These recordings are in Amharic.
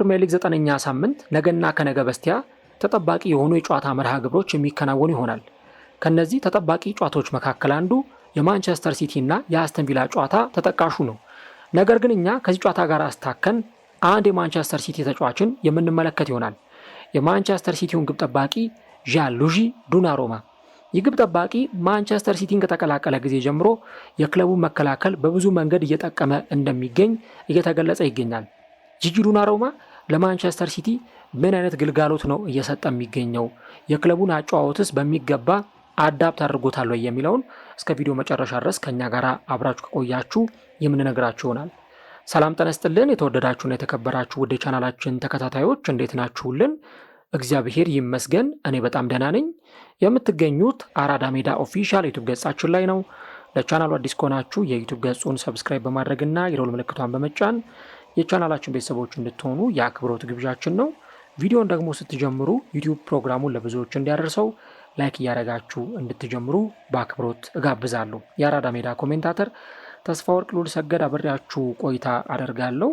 ፕሪምየር ሊግ ዘጠነኛ ሳምንት ነገና ከነገ በስቲያ ተጠባቂ የሆኑ የጨዋታ መርሃ ግብሮች የሚከናወኑ ይሆናል። ከነዚህ ተጠባቂ ጨዋታዎች መካከል አንዱ የማንቸስተር ሲቲ እና የአስተንቪላ ጨዋታ ተጠቃሹ ነው። ነገር ግን እኛ ከዚህ ጨዋታ ጋር አስታከን አንድ የማንቸስተር ሲቲ ተጫዋችን የምንመለከት ይሆናል። የማንቸስተር ሲቲውን ግብ ጠባቂ ዱና ዱናሩማ። ይህ ግብ ጠባቂ ማንቸስተር ሲቲን ከተቀላቀለ ጊዜ ጀምሮ የክለቡን መከላከል በብዙ መንገድ እየጠቀመ እንደሚገኝ እየተገለጸ ይገኛል። ጂጂ ዱናሩማ ለማንቸስተር ሲቲ ምን አይነት ግልጋሎት ነው እየሰጠ የሚገኘው? የክለቡን አጨዋወትስ በሚገባ አዳፕት አድርጎታል ወይ የሚለውን እስከ ቪዲዮ መጨረሻ ድረስ ከእኛ ጋር አብራችሁ ከቆያችሁ የምንነግራችሁ ይሆናል። ሰላም ጠነስጥልን የተወደዳችሁና የተከበራችሁ ውድ የቻናላችን ተከታታዮች እንዴት ናችሁልን? እግዚአብሔር ይመስገን እኔ በጣም ደህና ነኝ። የምትገኙት አራዳ ሜዳ ኦፊሻል ዩቱብ ገጻችን ላይ ነው። ለቻናሉ አዲስ ከሆናችሁ የዩቱብ ገጹን ሰብስክራይብ በማድረግና የደወል ምልክቷን በመጫን የቻናላችን ቤተሰቦች እንድትሆኑ የአክብሮት ግብዣችን ነው። ቪዲዮን ደግሞ ስትጀምሩ ዩቲዩብ ፕሮግራሙን ለብዙዎች እንዲያደርሰው ላይክ እያደረጋችሁ እንድትጀምሩ በአክብሮት እጋብዛለሁ። የአራዳ ሜዳ ኮሜንታተር ተስፋ ወርቅ ሉል ሰገድ አብሬያችሁ ቆይታ አደርጋለሁ።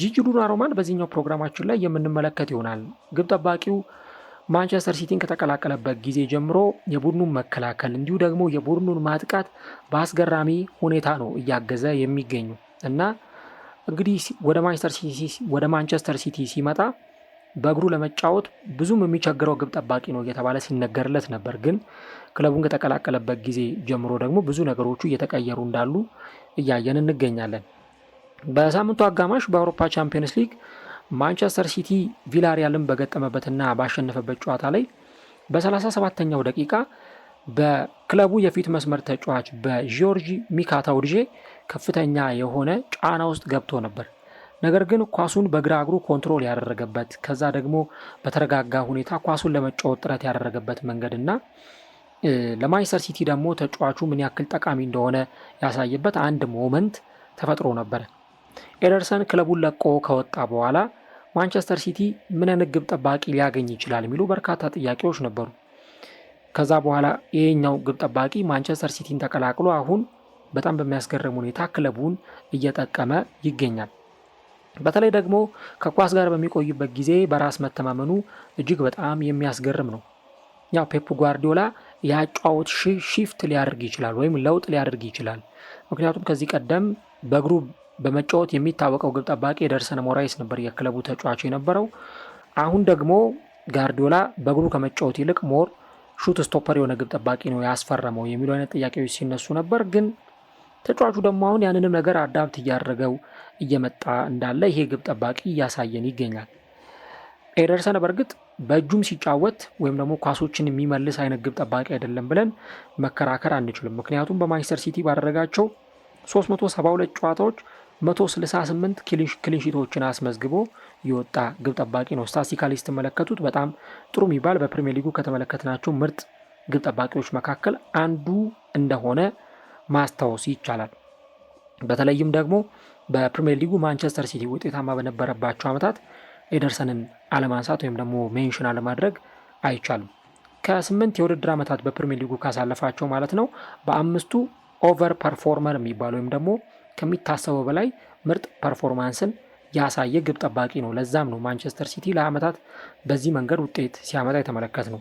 ጂጂ ዶናሩማን በዚህኛው ፕሮግራማችን ላይ የምንመለከት ይሆናል። ግብ ጠባቂው ማንቸስተር ሲቲን ከተቀላቀለበት ጊዜ ጀምሮ የቡድኑን መከላከል እንዲሁ ደግሞ የቡድኑን ማጥቃት በአስገራሚ ሁኔታ ነው እያገዘ የሚገኙ እና እንግዲህ ወደ ማንቸስተር ሲቲ ሲመጣ በእግሩ ለመጫወት ብዙም የሚቸግረው ግብ ጠባቂ ነው እየተባለ ሲነገርለት ነበር። ግን ክለቡን ከተቀላቀለበት ጊዜ ጀምሮ ደግሞ ብዙ ነገሮቹ እየተቀየሩ እንዳሉ እያየን እንገኛለን። በሳምንቱ አጋማሽ በአውሮፓ ቻምፒየንስ ሊግ ማንቸስተር ሲቲ ቪላሪያልን በገጠመበትና ባሸነፈበት ጨዋታ ላይ በ37ኛው ደቂቃ በክለቡ የፊት መስመር ተጫዋች በጂዮርጂ ሚካታውድዤ ከፍተኛ የሆነ ጫና ውስጥ ገብቶ ነበር። ነገር ግን ኳሱን በግራ እግሩ ኮንትሮል ያደረገበት ከዛ ደግሞ በተረጋጋ ሁኔታ ኳሱን ለመጫወት ጥረት ያደረገበት መንገድ እና ለማንቸስተር ሲቲ ደግሞ ተጫዋቹ ምን ያክል ጠቃሚ እንደሆነ ያሳየበት አንድ ሞመንት ተፈጥሮ ነበር። ኤደርሰን ክለቡን ለቆ ከወጣ በኋላ ማንቸስተር ሲቲ ምን አይነት ግብ ጠባቂ ሊያገኝ ይችላል የሚሉ በርካታ ጥያቄዎች ነበሩ። ከዛ በኋላ ይሄኛው ግብ ጠባቂ ማንቸስተር ሲቲን ተቀላቅሎ አሁን በጣም በሚያስገርም ሁኔታ ክለቡን እየጠቀመ ይገኛል። በተለይ ደግሞ ከኳስ ጋር በሚቆይበት ጊዜ በራስ መተማመኑ እጅግ በጣም የሚያስገርም ነው። ያው ፔፕ ጓርዲዮላ የአጫወት ሺፍት ሊያደርግ ይችላል ወይም ለውጥ ሊያደርግ ይችላል። ምክንያቱም ከዚህ ቀደም በእግሩ በመጫወት የሚታወቀው ግብ ጠባቂ የደርሰነ ሞራይስ ነበር የክለቡ ተጫዋች የነበረው። አሁን ደግሞ ጋርዲዮላ በእግሩ ከመጫወት ይልቅ ሞር ሹት ስቶፐር የሆነ ግብ ጠባቂ ነው ያስፈረመው የሚሉ አይነት ጥያቄዎች ሲነሱ ነበር ግን ተጫዋቹ ደግሞ አሁን ያንንም ነገር አዳብት እያደረገው እየመጣ እንዳለ ይሄ ግብ ጠባቂ እያሳየን ይገኛል። ኤደርሰን በእርግጥ በእጁም ሲጫወት ወይም ደግሞ ኳሶችን የሚመልስ አይነት ግብ ጠባቂ አይደለም ብለን መከራከር አንችልም። ምክንያቱም በማንቸስተር ሲቲ ባደረጋቸው 372 ጨዋታዎች 168 ክሊንሺቶችን አስመዝግቦ የወጣ ግብ ጠባቂ ነው። ስታስቲካሊ ስትመለከቱት በጣም ጥሩ የሚባል በፕሪሚየር ሊጉ ከተመለከትናቸው ምርጥ ግብ ጠባቂዎች መካከል አንዱ እንደሆነ ማስታወስ ይቻላል። በተለይም ደግሞ በፕሪምየር ሊጉ ማንቸስተር ሲቲ ውጤታማ በነበረባቸው ዓመታት ኤደርሰንን አለማንሳት ወይም ደግሞ ሜንሽን አለማድረግ አይቻልም። ከስምንት የውድድር ዓመታት በፕሪምየር ሊጉ ካሳለፋቸው ማለት ነው በአምስቱ ኦቨር ፐርፎርመር የሚባል ወይም ደግሞ ከሚታሰበው በላይ ምርጥ ፐርፎርማንስን ያሳየ ግብ ጠባቂ ነው። ለዛም ነው ማንቸስተር ሲቲ ለዓመታት በዚህ መንገድ ውጤት ሲያመጣ የተመለከት ነው።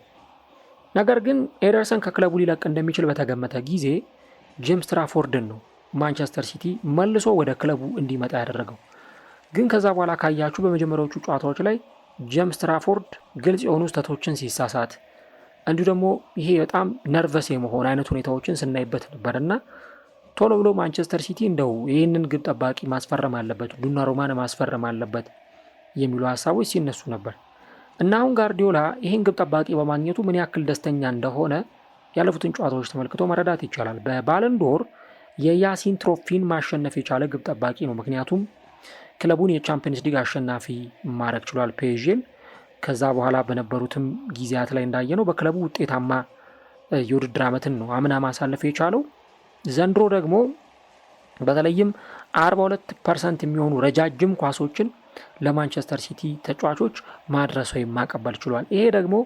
ነገር ግን ኤደርሰን ከክለቡ ሊለቅ እንደሚችል በተገመተ ጊዜ ጄምስ ትራፎርድን ነው ማንቸስተር ሲቲ መልሶ ወደ ክለቡ እንዲመጣ ያደረገው። ግን ከዛ በኋላ ካያችሁ በመጀመሪያዎቹ ጨዋታዎች ላይ ጄምስ ትራፎርድ ግልጽ የሆኑ ስህተቶችን ሲሳሳት እንዲሁ ደግሞ ይሄ በጣም ነርቨስ የመሆን አይነት ሁኔታዎችን ስናይበት ነበር እና ቶሎ ብሎ ማንቸስተር ሲቲ እንደው ይህንን ግብ ጠባቂ ማስፈረም አለበት፣ ሮማን ማስፈረም አለበት የሚሉ ሀሳቦች ሲነሱ ነበር እና አሁን ጋርዲዮላ ይህን ግብ ጠባቂ በማግኘቱ ምን ያክል ደስተኛ እንደሆነ ያለፉትን ጨዋታዎች ተመልክቶ መረዳት ይቻላል። በባለንዶር የያሲን ትሮፊን ማሸነፍ የቻለ ግብ ጠባቂ ነው። ምክንያቱም ክለቡን የቻምፒየንስ ሊግ አሸናፊ ማድረግ ችሏል ፔዥን ከዛ በኋላ በነበሩትም ጊዜያት ላይ እንዳየ ነው በክለቡ ውጤታማ የውድድር ዓመትን ነው አምና ማሳለፍ የቻለው። ዘንድሮ ደግሞ በተለይም 42 ፐርሰንት የሚሆኑ ረጃጅም ኳሶችን ለማንቸስተር ሲቲ ተጫዋቾች ማድረስ ወይም ማቀበል ችሏል። ይሄ ደግሞ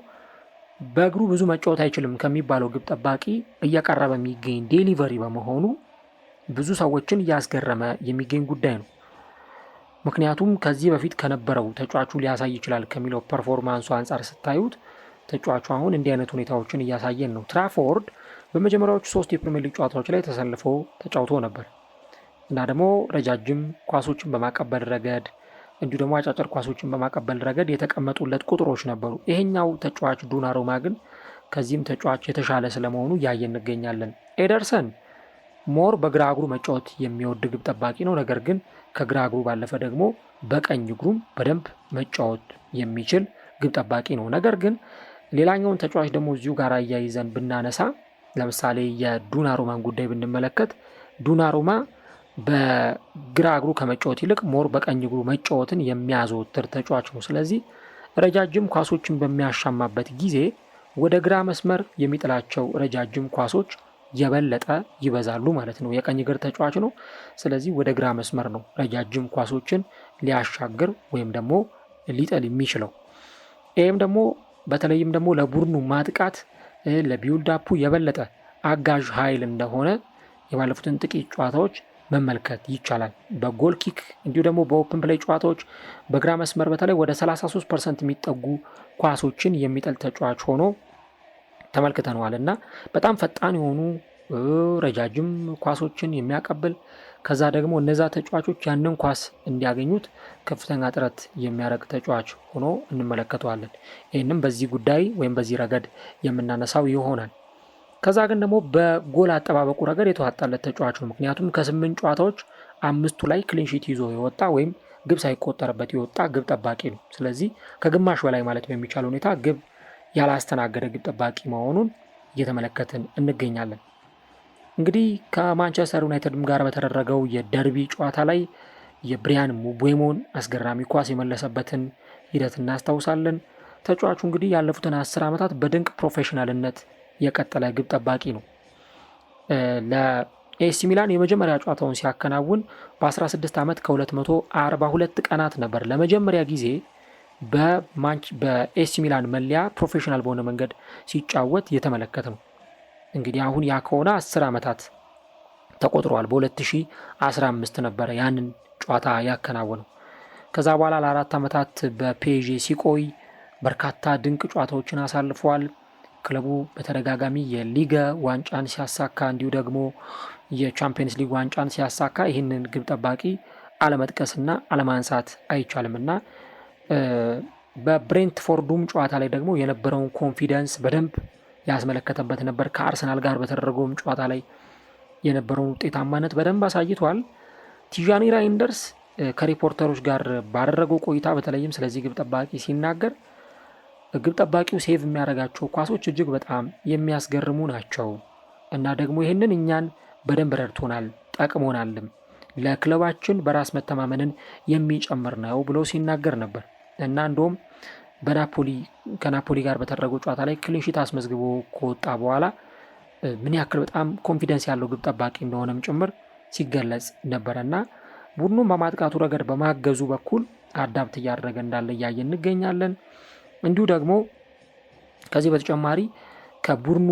በእግሩ ብዙ መጫወት አይችልም ከሚባለው ግብ ጠባቂ እየቀረበ የሚገኝ ዴሊቨሪ በመሆኑ ብዙ ሰዎችን እያስገረመ የሚገኝ ጉዳይ ነው። ምክንያቱም ከዚህ በፊት ከነበረው ተጫዋቹ ሊያሳይ ይችላል ከሚለው ፐርፎርማንሱ አንጻር ስታዩት ተጫዋቹ አሁን እንዲህ አይነት ሁኔታዎችን እያሳየን ነው። ትራፎርድ በመጀመሪያዎቹ ሶስት የፕሪምየር ሊግ ጨዋታዎች ላይ ተሰልፎ ተጫውቶ ነበር እና ደግሞ ረጃጅም ኳሶችን በማቀበል ረገድ እንዲሁ ደግሞ አጫጭር ኳሶችን በማቀበል ረገድ የተቀመጡለት ቁጥሮች ነበሩ። ይሄኛው ተጫዋች ዶናሩማ ግን ከዚህም ተጫዋች የተሻለ ስለመሆኑ እያየን እንገኛለን። ኤደርሰን ሞር በግራ እግሩ መጫወት የሚወድ ግብ ጠባቂ ነው። ነገር ግን ከግራ እግሩ ባለፈ ደግሞ በቀኝ እግሩም በደንብ መጫወት የሚችል ግብ ጠባቂ ነው። ነገር ግን ሌላኛውን ተጫዋች ደግሞ እዚሁ ጋር እያይዘን ብናነሳ ለምሳሌ የዱናሩማን ጉዳይ ብንመለከት ዱናሩማ በግራ እግሩ ከመጫወት ይልቅ ሞር በቀኝ እግሩ መጫወትን የሚያዘወትር ተጫዋች ነው። ስለዚህ ረጃጅም ኳሶችን በሚያሻማበት ጊዜ ወደ ግራ መስመር የሚጥላቸው ረጃጅም ኳሶች የበለጠ ይበዛሉ ማለት ነው። የቀኝ እግር ተጫዋች ነው። ስለዚህ ወደ ግራ መስመር ነው ረጃጅም ኳሶችን ሊያሻግር ወይም ደግሞ ሊጥል የሚችለው። ይህም ደግሞ በተለይም ደግሞ ለቡድኑ ማጥቃት ለቢውልዳፑ የበለጠ አጋዥ ኃይል እንደሆነ የባለፉትን ጥቂት ጨዋታዎች መመልከት ይቻላል። በጎል ኪክ እንዲሁ ደግሞ በኦፕን ፕሌይ ጨዋታዎች በግራ መስመር በተለይ ወደ 33 ፐርሰንት የሚጠጉ ኳሶችን የሚጠል ተጫዋች ሆኖ ተመልክተነዋል እና በጣም ፈጣን የሆኑ ረጃጅም ኳሶችን የሚያቀብል ከዛ ደግሞ እነዛ ተጫዋቾች ያንን ኳስ እንዲያገኙት ከፍተኛ ጥረት የሚያደርግ ተጫዋች ሆኖ እንመለከተዋለን። ይህንም በዚህ ጉዳይ ወይም በዚህ ረገድ የምናነሳው ይሆናል። ከዛ ግን ደግሞ በጎል አጠባበቁ ረገድ የተዋጣለት ተጫዋች ነው። ምክንያቱም ከስምንት ጨዋታዎች አምስቱ ላይ ክሊንሺት ይዞ የወጣ ወይም ግብ ሳይቆጠርበት የወጣ ግብ ጠባቂ ነው። ስለዚህ ከግማሽ በላይ ማለት በሚቻል ሁኔታ ግብ ያላስተናገደ ግብ ጠባቂ መሆኑን እየተመለከትን እንገኛለን። እንግዲህ ከማንቸስተር ዩናይትድም ጋር በተደረገው የደርቢ ጨዋታ ላይ የብሪያን ሙቤሞን አስገራሚ ኳስ የመለሰበትን ሂደት እናስታውሳለን። ተጫዋቹ እንግዲህ ያለፉትን አስር ዓመታት በድንቅ ፕሮፌሽናልነት የቀጠለ ግብ ጠባቂ ነው። ለኤሲ ሚላን የመጀመሪያ ጨዋታውን ሲያከናውን በ16 ዓመት ከ242 ቀናት ነበር ለመጀመሪያ ጊዜ በኤሲ ሚላን መለያ ፕሮፌሽናል በሆነ መንገድ ሲጫወት የተመለከት ነው። እንግዲህ አሁን ያ ከሆነ 10 ዓመታት ተቆጥሯል በ በ2015 ነበረ ያንን ጨዋታ ያከናወነው። ከዛ በኋላ ለአራት ዓመታት በፔዤ ሲቆይ በርካታ ድንቅ ጨዋታዎችን አሳልፏል። ክለቡ በተደጋጋሚ የሊገ ዋንጫን ሲያሳካ እንዲሁ ደግሞ የቻምፒየንስ ሊግ ዋንጫን ሲያሳካ ይህንን ግብ ጠባቂ አለመጥቀስና አለማንሳት አይቻልም እና በብሬንትፎርዱም ጨዋታ ላይ ደግሞ የነበረውን ኮንፊደንስ በደንብ ያስመለከተበት ነበር። ከአርሰናል ጋር በተደረገውም ጨዋታ ላይ የነበረውን ውጤታማነት በደንብ አሳይቷል። ቲዣኒ ራይንደርስ ከሪፖርተሮች ጋር ባደረገው ቆይታ በተለይም ስለዚህ ግብ ጠባቂ ሲናገር ግብ ጠባቂው ሴቭ የሚያደርጋቸው ኳሶች እጅግ በጣም የሚያስገርሙ ናቸው እና ደግሞ ይህንን እኛን በደንብ ረድቶናል፣ ጠቅሞናልም ለክለባችን በራስ መተማመንን የሚጨምር ነው ብሎ ሲናገር ነበር እና እንደውም በናፖሊ ከናፖሊ ጋር በተደረገው ጨዋታ ላይ ክሊንሺት አስመዝግቦ ከወጣ በኋላ ምን ያክል በጣም ኮንፊደንስ ያለው ግብ ጠባቂ እንደሆነም ጭምር ሲገለጽ ነበረ እና ቡድኑን በማጥቃቱ ረገድ በማገዙ በኩል አዳብት እያደረገ እንዳለ እያየ እንገኛለን። እንዲሁ ደግሞ ከዚህ በተጨማሪ ከቡድኑ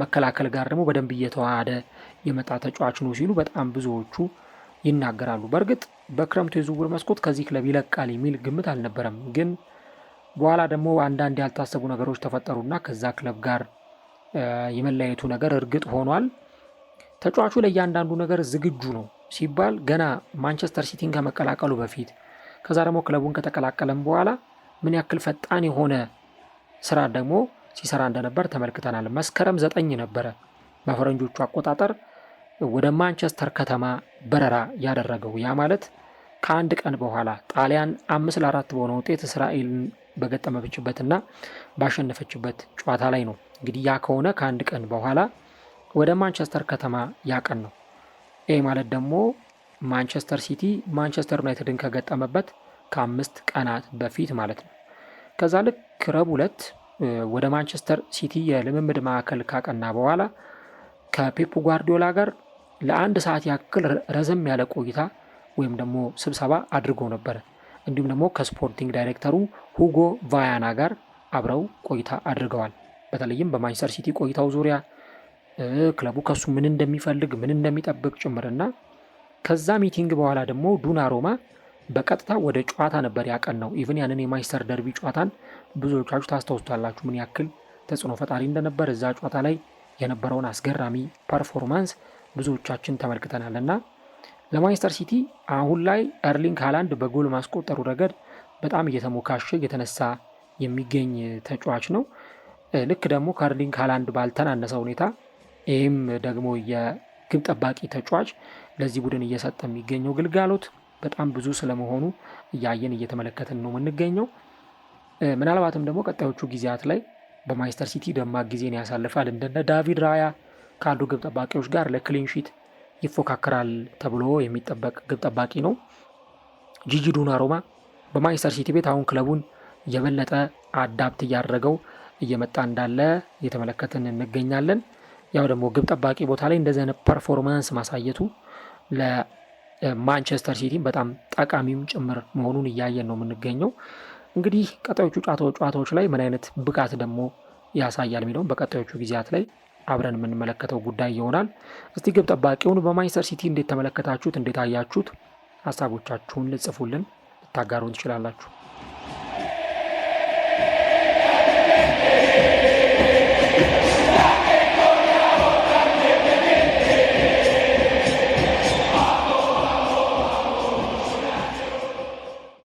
መከላከል ጋር ደግሞ በደንብ እየተዋሃደ የመጣ ተጫዋች ነው ሲሉ በጣም ብዙዎቹ ይናገራሉ። በእርግጥ በክረምቱ የዝውውር መስኮት ከዚህ ክለብ ይለቃል የሚል ግምት አልነበረም። ግን በኋላ ደግሞ አንዳንድ ያልታሰቡ ነገሮች ተፈጠሩና ከዛ ክለብ ጋር የመለያየቱ ነገር እርግጥ ሆኗል። ተጫዋቹ ለእያንዳንዱ ነገር ዝግጁ ነው ሲባል ገና ማንቸስተር ሲቲን ከመቀላቀሉ በፊት ከዛ ደግሞ ክለቡን ከተቀላቀለም በኋላ ምን ያክል ፈጣን የሆነ ስራ ደግሞ ሲሰራ እንደነበር ተመልክተናል። መስከረም ዘጠኝ ነበረ በፈረንጆቹ አቆጣጠር ወደ ማንቸስተር ከተማ በረራ ያደረገው። ያ ማለት ከአንድ ቀን በኋላ ጣሊያን አምስት ለአራት በሆነ ውጤት እስራኤልን በገጠመችበትና ባሸነፈችበት ጨዋታ ላይ ነው። እንግዲህ ያ ከሆነ ከአንድ ቀን በኋላ ወደ ማንቸስተር ከተማ ያቀን ነው። ይህ ማለት ደግሞ ማንቸስተር ሲቲ ማንቸስተር ዩናይትድን ከገጠመበት ከአምስት ቀናት በፊት ማለት ነው። ከዛ ልክ ረቡዕ ዕለት ወደ ማንቸስተር ሲቲ የልምምድ ማዕከል ካቀና በኋላ ከፔፕ ጓርዲዮላ ጋር ለአንድ ሰዓት ያክል ረዘም ያለ ቆይታ ወይም ደግሞ ስብሰባ አድርጎ ነበረ። እንዲሁም ደግሞ ከስፖርቲንግ ዳይሬክተሩ ሁጎ ቫያና ጋር አብረው ቆይታ አድርገዋል። በተለይም በማንቸስተር ሲቲ ቆይታው ዙሪያ ክለቡ ከሱ ምን እንደሚፈልግ ምን እንደሚጠብቅ ጭምርና ከዛ ሚቲንግ በኋላ ደግሞ ዱና ሮማ በቀጥታ ወደ ጨዋታ ነበር ያቀን ነው። ኢቭን ያንን የማንቸስተር ደርቢ ጨዋታን ብዙዎቻችሁ ታስታውሱታላችሁ ምን ያክል ተጽዕኖ ፈጣሪ እንደነበር እዛ ጨዋታ ላይ የነበረውን አስገራሚ ፐርፎርማንስ ብዙዎቻችን ተመልክተናል እና ለማንቸስተር ሲቲ አሁን ላይ ኤርሊንግ ሃላንድ በጎል ማስቆጠሩ ረገድ በጣም እየተሞካሸ እየተነሳ የሚገኝ ተጫዋች ነው። ልክ ደግሞ ከኤርሊንግ ሃላንድ ባልተናነሰ ሁኔታ ይህም ደግሞ የግብ ጠባቂ ተጫዋች ለዚህ ቡድን እየሰጠ የሚገኘው ግልጋሎት በጣም ብዙ ስለመሆኑ እያየን እየተመለከትን ነው የምንገኘው። ምናልባትም ደግሞ ቀጣዮቹ ጊዜያት ላይ በማንቸስተር ሲቲ ደማቅ ጊዜን ያሳልፋል። እንደነ ዳቪድ ራያ ካሉ ግብ ጠባቂዎች ጋር ለክሊንሺት ይፎካከራል ተብሎ የሚጠበቅ ግብ ጠባቂ ነው። ጂጂ ዱናሩማ በማንቸስተር ሲቲ ቤት አሁን ክለቡን የበለጠ አዳፕት እያደረገው እየመጣ እንዳለ እየተመለከትን እንገኛለን። ያው ደግሞ ግብ ጠባቂ ቦታ ላይ እንደዚህ አይነት ፐርፎርማንስ ማሳየቱ ማንቸስተር ሲቲ በጣም ጠቃሚም ጭምር መሆኑን እያየን ነው የምንገኘው። እንግዲህ ቀጣዮቹ ጨዋታዎች ላይ ምን አይነት ብቃት ደግሞ ያሳያል የሚለውም በቀጣዮቹ ጊዜያት ላይ አብረን የምንመለከተው ጉዳይ ይሆናል። እስቲ ግብ ጠባቂውን በማንቸስተር ሲቲ እንዴት ተመለከታችሁት? እንዴት አያችሁት? ሀሳቦቻችሁን ልጽፉልን ልታጋሩን ትችላላችሁ።